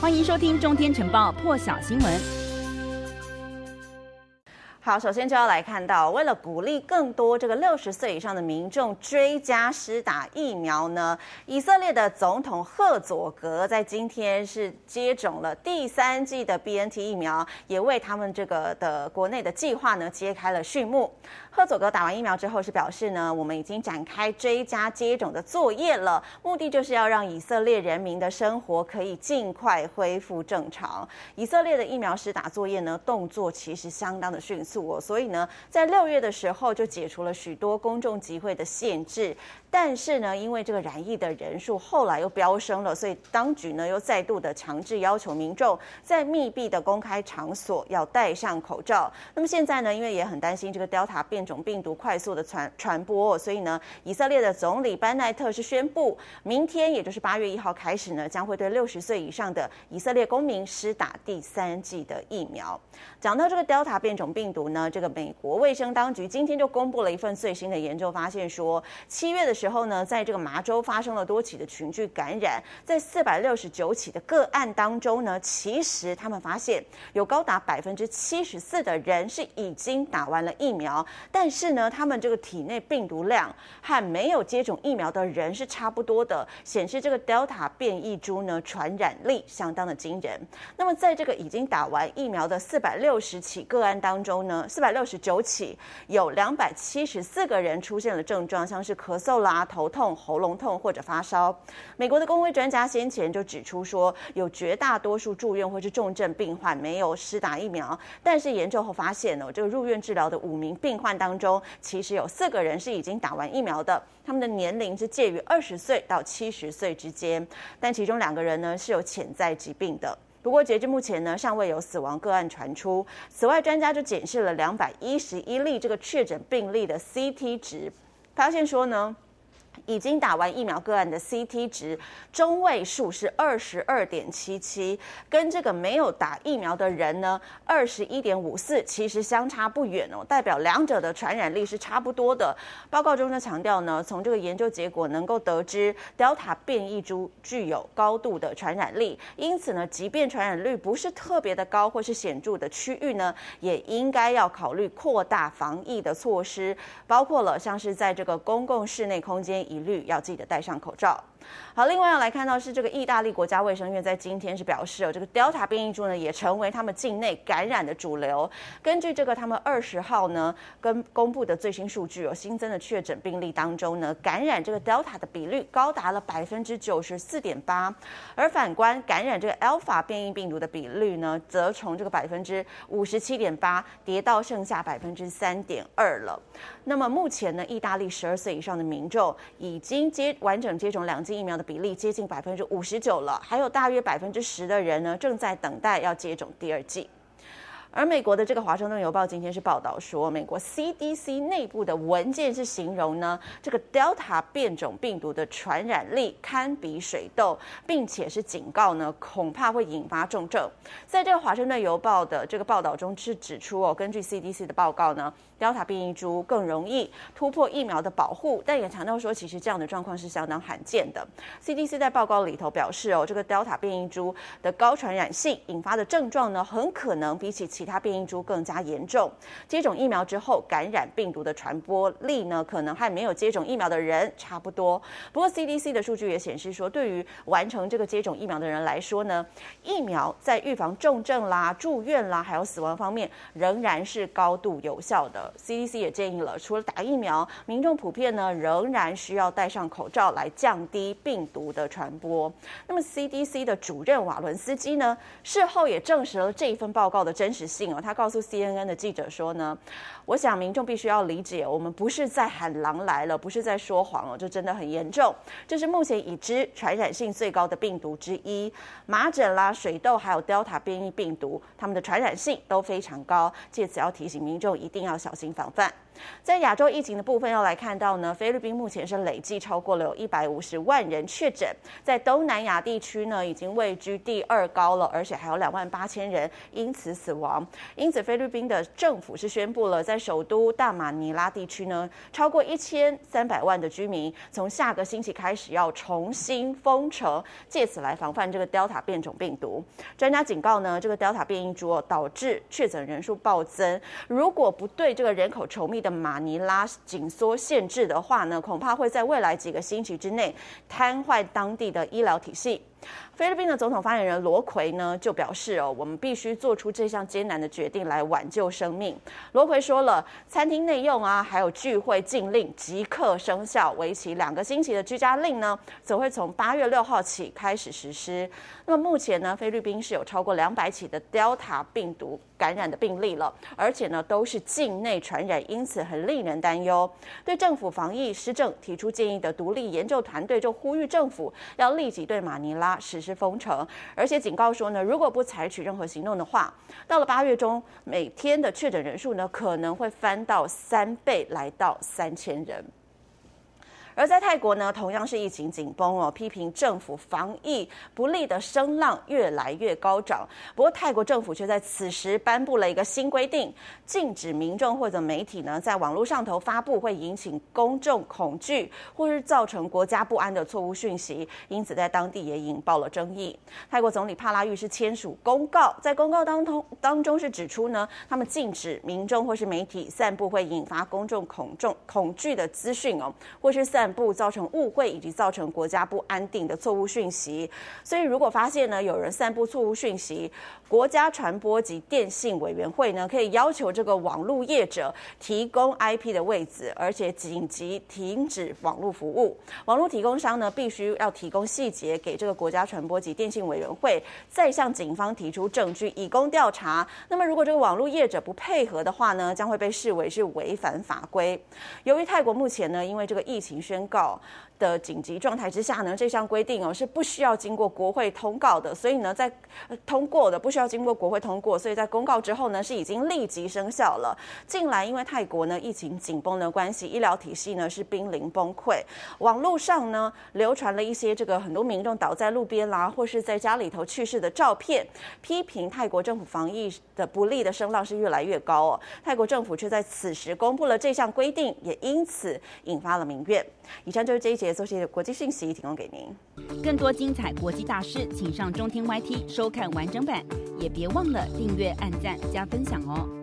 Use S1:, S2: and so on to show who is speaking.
S1: 歡迎收聽《中天晨報》破曉新聞。好，首先就要來看到，為了鼓勵更多這個六十歲以上的民眾追加施打疫苗呢，以色列的總統赫佐格在今天是接種了第三劑的 BNT 疫苗，也為他們這個的國內的計劃呢揭開了序幕。赫佐格打完疫苗之後是表示呢，我們已經展開追加接種的作業了，目的就是要讓以色列人民的生活可以盡快恢復正常。以色列的疫苗施打作業呢，動作其實相當的迅速。所以呢，在六月的時候就解除了許多公眾集會的限制。但是呢，因為這個染疫的人數後來又飆升了，所以當局呢又再度的強制要求民眾在密閉的公開場所要戴上口罩。那麼現在呢，因為也很擔心這個 Delta 變種病毒快速的傳傳播，所以呢，以色列的總理班奈特是宣布，明天也就是八月一號開始呢，將會對六十歲以上的以色列公民施打第三劑的疫苗。講到這個 Delta 變種病毒呢，這個美國衛生當局今天就公布了一份最新的研究，發現說七月的。時候呢，在這個麻州發生了多起的群聚感染，在四百六十九起的個案當中呢，其實他們發現有高達百分之七十四的人是已經打完了疫苗，但是呢，他們這個體內病毒量和沒有接種疫苗的人是差不多的，顯示這個 Delta 變異株呢傳染力相當的驚人。那麼，在這個已經打完疫苗的四百六十起個案當中呢，四百六十九起有兩百七十四個人出現了症狀，像是咳嗽了、發頭痛、喉嚨痛或者發燒。美國的公衛專家先前就指出說，有絕大多數住院或是重症病患沒有施打疫苗，但是研究後發現呢、喔，這個入院治療的五名病患當中，其實有四個人是已經打完疫苗的，他們的年齡是介於二十歲到七十歲之間，但其中兩個人呢是有潛在疾病的。不過截至目前呢，尚未有死亡個案傳出。此外，專家就檢視了兩百一十一例這個確診病例的 CT 值，發現說呢。已經打完疫苗個案的 CT 值中位數是二十二點七七，跟這個沒有打疫苗的人呢二十一點五四，54, 其實相差不遠哦，代表兩者的傳染力是差不多的。報告中呢強調呢，從這個研究結果能夠得知，Delta 變異株具有高度的傳染力，因此呢，即便傳染率不是特別的高或是顯著的區域呢，也應該要考慮擴大防疫的措施，包括了像是在這個公共室內空間。一律要記得戴上口罩。好，另外要來看到是這個意大利國家衛生院在今天是表示，哦，這個 Delta 變異株呢也成為他們境內感染的主流。根據這個他們二十號呢跟公布的最新數據，哦，新增的確診病例當中呢，感染這個 Delta 的比率高達了百分之九十四點八，而反觀感染這個 Alpha 變異病毒的比率呢，則從這個百分之五十七點八跌到剩下百分之三點二了。那麼目前呢，意大利十二歲以上的民眾已經接完整接種兩。疫苗的比例接近百分之五十九了，還有大約百分之十的人呢，正在等待要接種第二劑。而美國的這個《華盛頓郵報》今天是報道說，美國 CDC 內部的文件是形容呢，這個 Delta 變種病毒的傳染力堪比水痘，並且是警告呢，恐怕會引發重症。在這個《華盛頓郵報》的這個報道中是指出哦，根據 CDC 的報告呢，Delta 變異株更容易突破疫苗的保護，但也強調說，其實這樣的狀況是相當罕見的 CD。CDC 在報告裡頭表示哦，這個 Delta 變異株的高傳染性引發的症狀呢，很可能比起。其他變異株更加嚴重，接種疫苗之後，感染病毒的傳播力呢，可能和沒有接種疫苗的人差不多。不過，CDC 的數據也顯示說，對於完成這個接種疫苗的人來說呢，疫苗在預防重症啦、住院啦，還有死亡方面，仍然是高度有效的。CDC 也建議了，除了打疫苗，民眾普遍呢，仍然需要戴上口罩來降低病毒的傳播。那麼，CDC 的主任瓦倫斯基呢，事後也證實了這一份報告的真實性。哦，他告訴 CNN 的記者說呢，我想民眾必須要理解，我們不是在喊狼來了，不是在說謊哦，就真的很嚴重，這是目前已知傳染性最高的病毒之一，麻疹啦、水痘還有 Delta 變異病毒，它們的傳染性都非常高，借此要提醒民眾一定要小心防範。在亞洲疫情的部分要來看到呢，菲律賓目前是累計超過了有一百五十萬人確診，在東南亞地區呢已經位居第二高了，而且還有兩萬八千人因此死亡。因此，菲律賓的政府是宣布了，在首都大馬尼拉地區呢，超過一千三百萬的居民從下個星期開始要重新封城，借此來防範這個 Delta 變種病毒。專家警告呢，這個 Delta 變異株導致確診人數暴增，如果不對這個人口稠密的馬尼拉緊縮限制的話呢，恐怕會在未來幾個星期之內癱瘓當地的醫療體系。菲律賓的總統發言人羅奎呢就表示：“哦，我們必須做出這項艱難的決定來挽救生命。”羅奎說了：“餐廳內用啊，還有聚會禁令即刻生效，為期兩個星期的居家令呢，則會從八月六號起開始實施。”那麼目前呢，菲律賓是有超過兩百起的 Delta 病毒感染的病例了，而且呢都是境內傳染，因此。很令人擔憂。對政府防疫施政提出建議的獨立研究團隊就呼籲政府要立即對馬尼拉實施封城，而且警告說呢，如果不採取任何行動的話，到了八月中，每天的確診人數呢，可能會翻到三倍，來到三千人。而在泰國呢，同樣是疫情緊繃哦，批評政府防疫不力的聲浪越來越高漲。不過，泰國政府卻在此時頒布了一個新規定，禁止民眾或者媒體呢在網絡上頭發布會引起公眾恐懼或是造成國家不安的錯誤訊息，因此在當地也引爆了爭議。泰國總理帕拉育是簽署公告，在公告當通當中是指出呢，他們禁止民眾或是媒體散布會引發公眾恐眾恐懼的資訊哦，或是散布造成誤會，以及造成國家不安定的錯誤訊息，所以如果發現呢有人散布錯誤訊息，國家傳播及電信委員會呢可以要求這個網絡業者提供 IP 的位置，而且緊急停止網絡服務。網絡提供商呢必須要提供細節給這個國家傳播及電信委員會，再向警方提出證據以供調查。那麼如果這個網絡業者不配合的話呢，將會被視為是違反法規。由於泰國目前呢因為這個疫情宣公告的緊急狀態之下呢，這項規定哦是不需要經過國會通告的，所以呢，在、呃、通過的不需要經過國會通過，所以在公告之後呢是已經立即生效了。近來因為泰國呢疫情緊繃的關係，醫療體系呢是瀕臨崩潰，網絡上呢流傳了一些這個很多民眾倒在路邊啦，或是在家裡頭去世的照片，批評泰國政府防疫的不力的聲浪是越來越高哦。泰國政府卻在此時公布了這項規定，也因此引發了民怨。以上就是這一節蒐集的國際訊息提供給您。更多精彩國際大師，請上中天 YT 收看完整版，也別忘了訂閱、按讚、加分享哦。